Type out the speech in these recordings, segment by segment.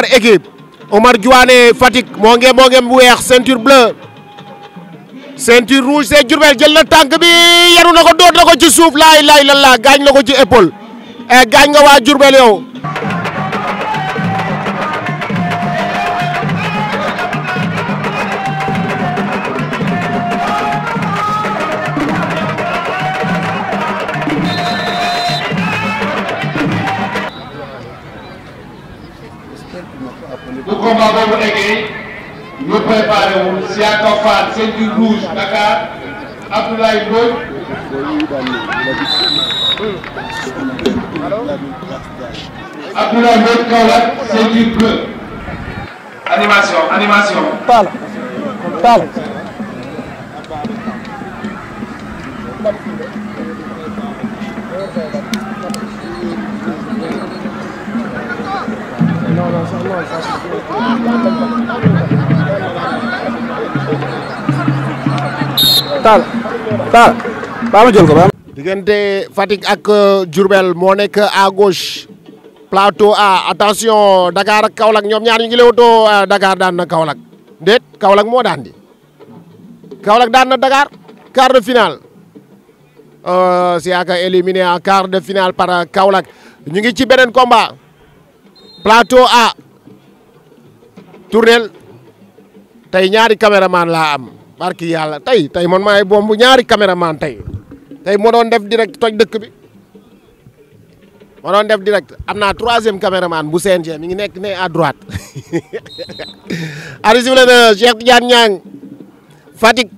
par équipe Omar Diouane Fatick moo ngeem moo bu weex ceinture bleue ceinture rouge c'est Diourbel jël na tànk bi yaru na ko doot na ko ci suuf laay laay lan laa gaañ na ko ci épaule eh, gaañ nga waa Diourbel yow bu combat boobu eggee ñu préparé wu Siaka Fall ceinture rouge Dakar Abdoulaye Ndoye. Abdoulaye Ndoye Kaolack ceinture bleue. animation animation. taal taal. taal taal baa ma jël ko baa diggante Fatick ak euh, Diourbel moo nekk à gauche plateau A attention Dakar ak Kaolack ñoom ñaar ñu ngi lewtoo euh, Dakar daan na Kaolack déet Kaolack moo daan di Kaolack daan na Dakar quart de finale euh, Siaka éliminé en quart de finale par Kaolack ñu ngi ci beneen combat plateau A tournel tey ñaari caméraman laa am barki yàlla tey tey man maay bombu ñaari caméraman tey tey moo doon def direct toj dëkk bi ma doon def direct am naa troisième caméraman bu CNG mi ngi nekk ne à droite ari sifle na Cheikh Tidiane Niang Fatick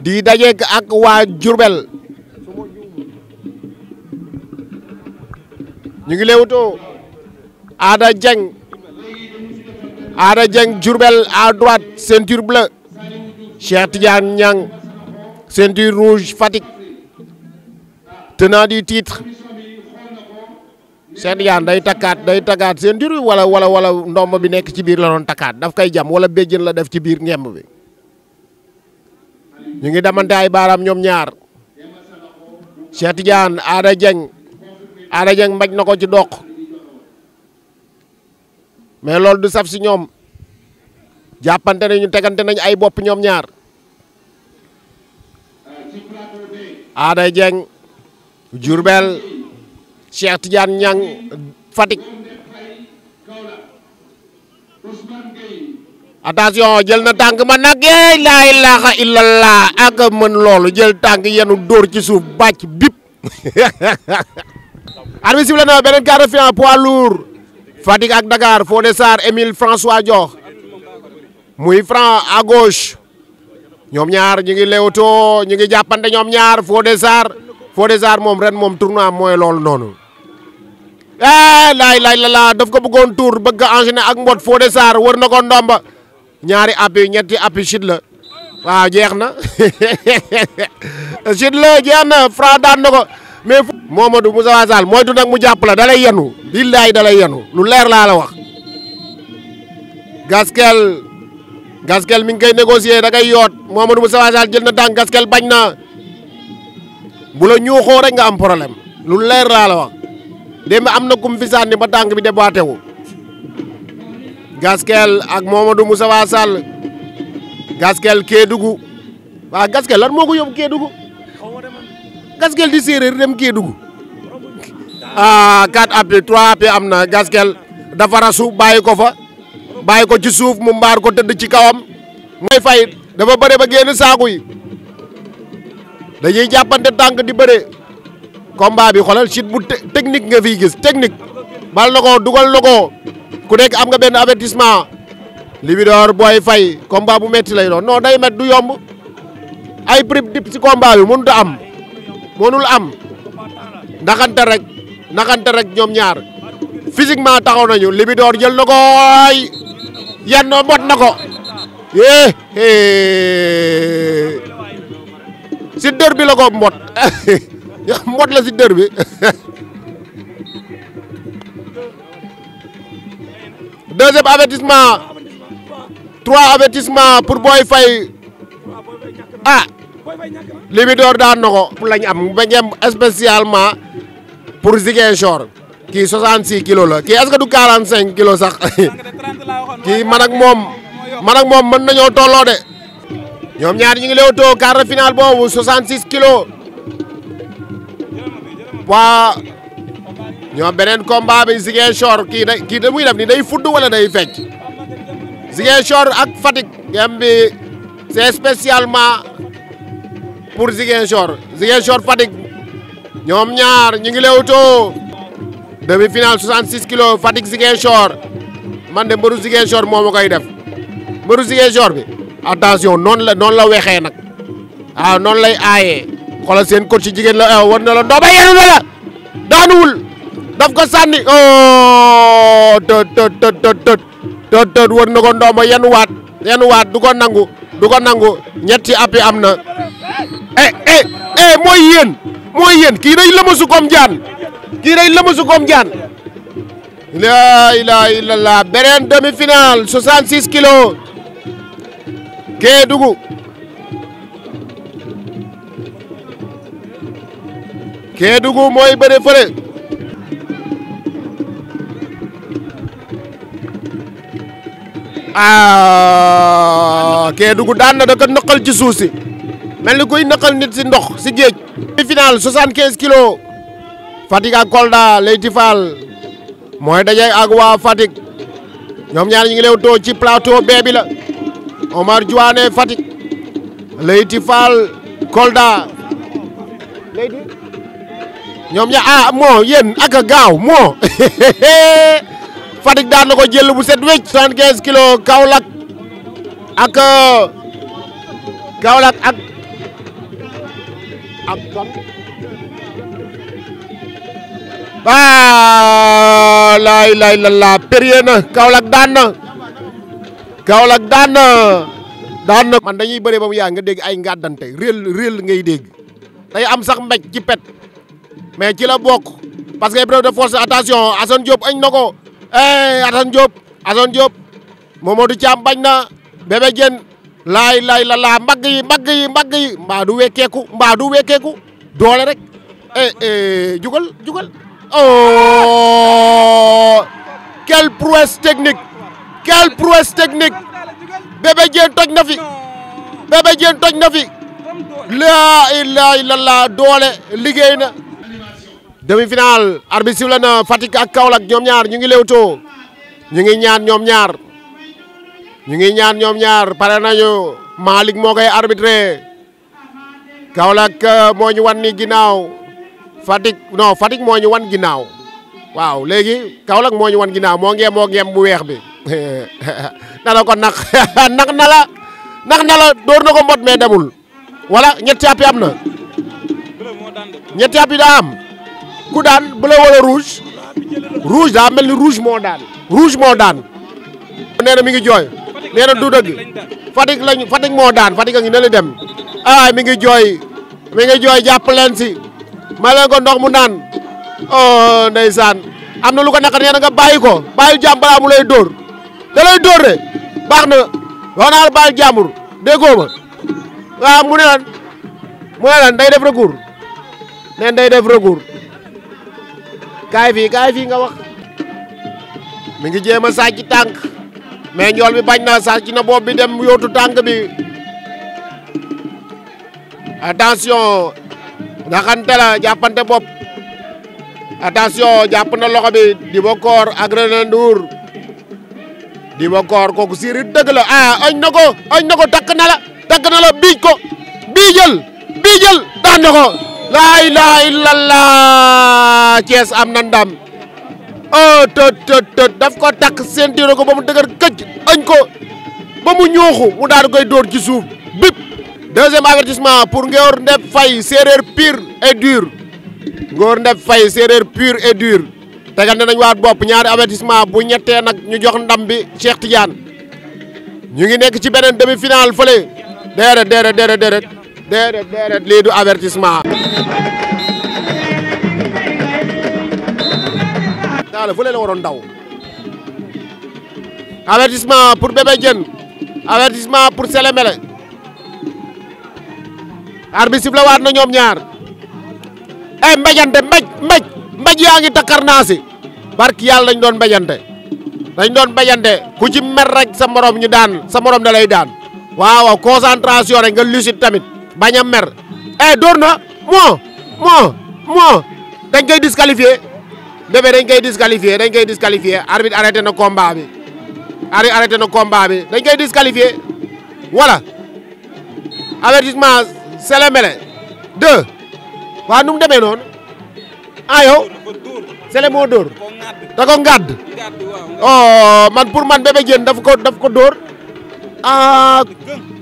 di dajeek ak waa Diourbel ñu ngi leewtoo Ada Dieng Ada Dieng Diourbel à droite ceinture bleue Cheikh Tidiane Niang ceinture rouge Fatick tenant du titre day takkaat day takkaat ceinture bi wala wala wala ndomb bi nekk ci biir la doon takkaat daf koy jam wala béjjën la def ci biir ngemb bi ñu ngi damante ay baaraam ñoom ñaar Cheikh Tidiane Ada Dieng Ada Dieng mbaj na ko ci doq mais loolu du saf si ñoom jàppante nañu tegante nañu ay bopp ñoom ñaar Aday Dieng Diourbel Cheikh Tidiane ñang fatik attention jël na tànk ma nag yee laa ilaaha illallah ak mën loolu jël tànk yenu dóor ci suuf bàcc bip arbitre bi la na beneen quart de finale poids lourd Fatick ak Dakar Fodé Sarr Émile François Diokh muy franc à gauche ñoom ñaar ñu ngi lewtoo ñu ngi jàppante ñoom ñaar Fodé Sarr Fodé Sarr moom ren moom tournoi mooy loolu noonu. Eh, laay laay la laa daf ko bëggoon tour bëgg a enchaîner ak mbot Fodé Sarr wër na ko ndomba ñaari appui ñetti appui chute la jeex na chute jeex na franc daan na mais fu Momadou Moussa Sall moytu nag mu jàpp dalay yenu billaay dalay yenu lu leer laa la wax gaskel gaskel mi ngi koy négocier da ngay yoot Momadou Moussa Sall jël na dànk gaskel bañ na bu la ñuuxoo rek nga am problème lu leer laa la wax démb am na kum fi ba tànk bi débatté wu gaskel ak Momadou Moussa Sall gaskel Kédougou waaw gaskel lan moo ko yóbbu Kédougou gaskel di séeréer dem Kédougou ah 4 appels 3 appels am na gaskel dafa rasu bàyyi ko fa bàyyi ko ci suuf mu mbaar ko tëdd ci kawam mooy fay dafa bëre ba génn saaku yi dañuy jàppante tànk di bëre combat bi xoolal chute bu technique nga fiy gis technique bal na dugal na ku nekk am nga benn avertissement Libidor booy fay combat bu metti lay doon non day met du yomb ay prix dip ci combat bi mënut a am mënul am naxante rek naxante rek ñoom ñaar physiquement taxaw nañu Libidor jël na ko ay yan no na ko é eh, eh. si bi la ko mbot mbot la si dër bi deuxième avertissement trois avertissement pour Boy Faye ah Libidor daan na ko lañ am ba ngeen spécialement pour Ziguinchor kii 66 kilos la kii est-ce que du 45 kilos sax kii man moom man moom mën nañoo tolloo de ñoom ñaar ñu ngi léewtoo quart de finale boobu 66 kilos waa ñoom beneen combat bi Ziguinchor kii day kii da muy def ni day fudd wala day fecc Ziguinchor ak Fatick gem bi c'est pour Ziguinchor Ziguinchor Fatick ñoom ñaar ñu ngi lewtoo demi finale 66 kilos Fatick Ziguinchor man de mbëru Ziguinchor moo ma koy def mbëru Ziguinchor bi attention noonu la noonu la weexee nag waaw ah, noonu lay aaye xoolal seen coach ci jigéen la eh, war na la ndooba yenu na la daanuwul daf ko sànni oh na ko ndooma yenuwaat yenuwaat du ko nangu du nangu ñetti appi am na eh eh eh mooy yéen mooy yéen kii day lëmasu koom jaan kii day lëmasu koom jaan laa ilaha illallah beneen demi-finale 66 kilos Kédougou Kédougou mooy bëre fële ah Kédougou daan na da ko ci suuf si mel ni kuy naqal nit si ndox si géej. final 75 kilos Fatick ak Kolda Leyti mooy daje ak waa Fatick ñoom ñaar ñi ngi leew ci plateau bee bi la Omar Diouane Fatick Leyti Kolda ñoom ña ah moo yéen ak gaaw moo Fatick daan na ko jël bu set kilo 75 kilos Kaolack ak Kaolack ak. ak kan ah laay laay la la péré na Kaolack daan na Kaolack daan na daan na. man dañuy bëree ba mu yaa nga dégg ay ngàddante réel réel ngay dégg day am sax mbéj ci pet mais ci la bokk parce que épreuve de force attention Assane Diop añ na ko eh, Assane Diop Assane Diop Momadou Thiam bañ na bébé laay laay la laa mbagg yi mbagg yi mbagg yi mbaa wekkeeku mbaa wekkeeku doole rek eh, eh jugal jugal oh quelle prouesse technique quelle prouesse technique Bébé toj na fi Bébé Diène toj na fi laa ilaaha illallaah doole liggéey na demi-finale arbitre sifflé na Fatick ak Kaolack ñoom ñaar ñu ngi lewtoo ngi ñaan ñoom ñaar ñu ngi ñaan ñoom ñaar pare nañu Malick moo koy arbitré Kaolack euh, moo ñu wan ni ginaaw Fatick non Fatick moo ñu wan ginnaaw waaw léegi kawlak moo ñu wan ginnaaw moo ngeem moo ngeem bu weex bi na la ko nax nax na la na door na ko mbot mais demul wala ñetti àpp yi am na ñetti àpp yi daa am ku daan bleu wala rouge rouge daa mel ni rouge moo daan rouge moo daan nee mi ngi jooy nee na du dëgg moo daan Fatick a ngi ne dem ay mi ngi jooy mi ngi jooy jàpp leen si may ko ndox mu naan oh ndeysaan am na lu ko naqar nee na nga bàyyi ko bàyyi mu lay dóor da lay dóor na wax naa la bàyyi jàmbur déggoo ma ah, mu ne mu ne lan day def recours neen day def recours kaay fii kaay fii nga wax mi ngi jéem a sàcc tànk mais njool bi bañ na sàcc na bopp bi dem yóotu tànk bi attention naxante la jàppante bopp attention jàpp na loxo bi Dibakor ak René Ndour Dibakor kooku siiri dëgg la ah añ na ko añ na ko takk na biij ko biijal biijal daan na ko laa Cees am na oh tët tët tët daf ko takk séntiru ko ba mu dëgër këcc añ ko ba mu ñuuxu mu daal koy dóor ci suuf bip deuxième avertissement pour Ngor Ndep fay séeréer pur et dur Ngor Ndep fay séeréer pur et dur tegante nañ waat bopp ñaari avertissement bu ñettee nag ñu jox ndam bi Cheikh Tidiane ñu ngi nekk ci beneen demi-finale fële déedéet déedéet déedéet déedéet déedéet lii du avertissement naa la fële la waroon daw avertissement pour Bébé Diène avertissement pour Sélé Mélé arbitre na ñoom ñaar e eh, mbéjante mbéj mbéj mbéj yaa ngi takkar naa si barki yàlla dañ doon mbéjante dañ doon mbéjante ku ci mer rek sa daan sa morom da lay daan waaw concentration rek nga tamit bañ mer e eh, dóor moo moo moo dañ koy bébé dañ koy disqualifié dañ kay disqualifié arbitre arrêté na combat bi na combat dañ koy disqualifié voilà avertissement Sélémélé deux waaw nu mu demee noon ah yow Sélé moo dóor da ko ngàdd oh, man pour man bébé jën daf ko daf ko dóor ah,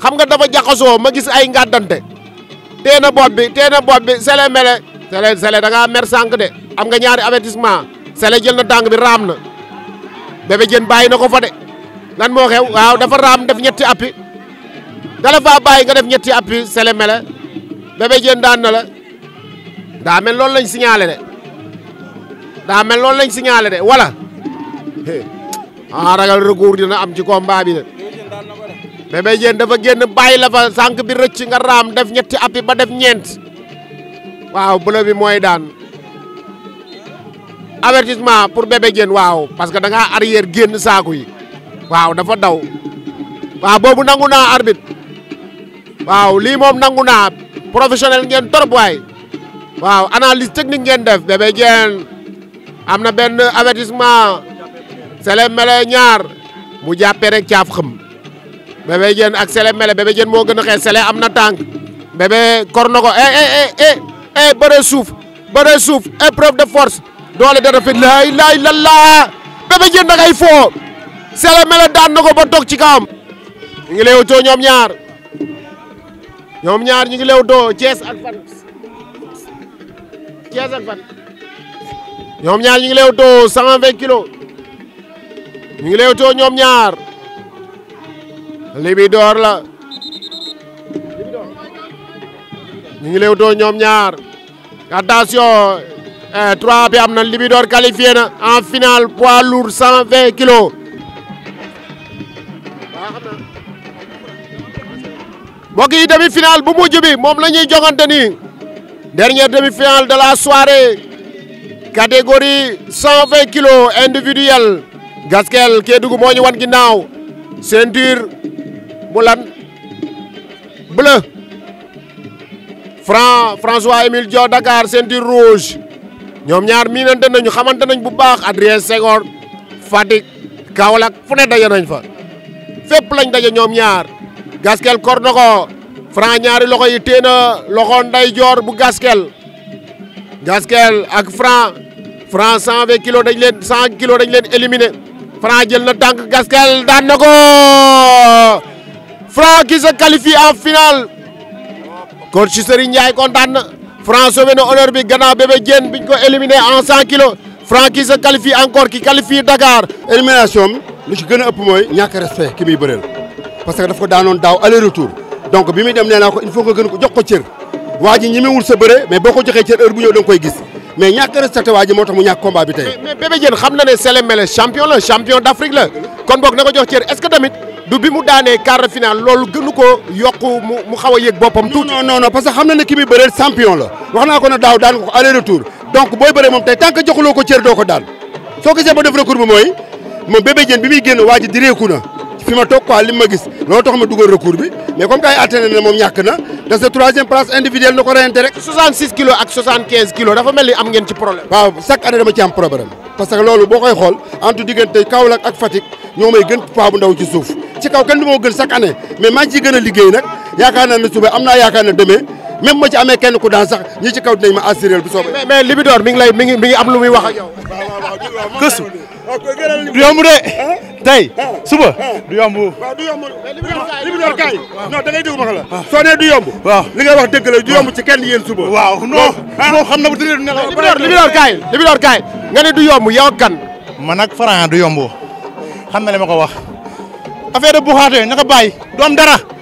xam nga dafa jaxasoo ma gis ay ngàddante tee na bopp tee na bopp bi Sélémélé Sele Sele da ngaa mer sànq de am nga ñaari avertissement Sele jël na tàng bi raam na Bébé Diène bàyyi na ko fa de lan moo xew waaw dafa raam def ñetti appi dala faa bàyyi nga def ñetti appi Sele mele Bébé Diène daan na la daa mel loolu lañ signalé de daa mel loolu lañ signalé de wala ah ragal recours dina am ci combat bi de Bébé Diène dafa génn bàyyi la fa sànq bi rëcc nga raam def ñetti appi ba def ñeent. waaw bleu bi mooy daan avertissement pour bébé Diène waaw parce que da ngaa génn saaku yi waaw dafa daw waaw boobu nangu naa arbitre waaw lii moom nangu naa professionnel ngeen torop waay waaw analyse technique ngeen def bébé Diène am na benn avertissement Sélé Mélé ñaar mu jàppee rek caaf xam bébé Diène ak Sélé Mélé bébé Diène moo gën a xees Sélé am na tànk bébé ko eh eh eh, eh. e eh, bëre suuf bëre suuf épreuve eh, de force doole da rafet laay laay lallaa Bébé Diène da ngay foo Sélé Mélé daan na ba toog ci kaam ñu ngi leew too ñoom ñaar ñoom ñaar ñu ngi leew too Thiès ak ñoom ñaar ñu ngi leew too cent vingt kilo ñu ngi leew too ñoom ñaar libi door la ñu ngi léewtoo ñoom ñaar attention eh, trois bi am na Libidor qualifié na en finale poids lourd cent vingt kilos. mbokk yi demi finale bu mujj bi moom la ñuy joŋante nii dernière demi finale de la soirée catégorie cent vingt kilos individuel Gaskel Kédougou moo ñu wan ginnaaw ceinture bu lan bleu. Franc François Émile Diaw Dakar ceinture rouge ñoom ñaar miinante nañu xamante nañ bu baax Adrien Senghor Fatick Kaolack fu ne daje nañ fa fépp lañ daje ñoom ñaar gaskel kor na ko ñaari loxo yi téye na loxo nday joor bu gaskel gaskel ak Franc Franc cent vingt kilos dañ leen cent kilos dañ leen éliminé Franc jël na tànk gaskel daan na ko Franc qui en finale kon ci Serigne Ndiaye kontaan na Franc sauvé na honneur bi gannaaw bébé Diène biñ ko éliminé en 100 kilos Franc ki se qualifie encore ki qualifie Dakar. élimination am lu ci gën a ëpp mooy ñàkk respect ki muy bëreel parce que daf ko daanoon daaw aller retour donc bi muy dem nee ko il faut nga jox ko cër waa ji ñemewul sa bëre mais boo ko joxee cër heure bu ñëw da nga koy gis. mais ñàkk respecté waa moo tax mu ñàkk combat tey. mais mais xam na ne Sélé Mélé champion la champion d'Afrique la kon du bi mu daanee quart de finale loolu gënu ko yokk mu mu xaw a yëg boppam. tuuti non parce que xam na ne ki muy bëreel champion la wax naa ko ne daaw daan ko aller retour donc booy bëree moom tey tant que joxuloo ko cër doo ko daan soo gisee ba def recours bi mooy moom bébé jën bi muy génn waa ji direeku na fi ma toog quoi li ma gis loolu tax ma dugal recours bi mais comme kay atteindre na moom ñàkk na da sa place individuelle na ko reyante rek. ni am ngeen ci problème. waaw chaque année dama ci am problème parce que loolu boo koy xool entre diggante Kaolack ci kaw kenn du moo gën chaque année mais maa ngi ciy gën a liggéey nag yaakaar naa ne suba am naa yaakaar ne demee même kenn ku daan sax ñi ci kaw dinañ ma assuré bu soobee. mais mais Libidor mi ngi lay mi ngi mi ngi wax ma la. Ah. soo nee du yomb. waaw li ngay wax dëgg la du yomb ci kenn yéen suba. waaw non na bu tëddee du ne la. Libidor Libidor kaay Libidor kaay nga ne du yomb yow kan. man ak du yomb xam na li ma ko wax. affaire de buxaate naka bàyyi du dara.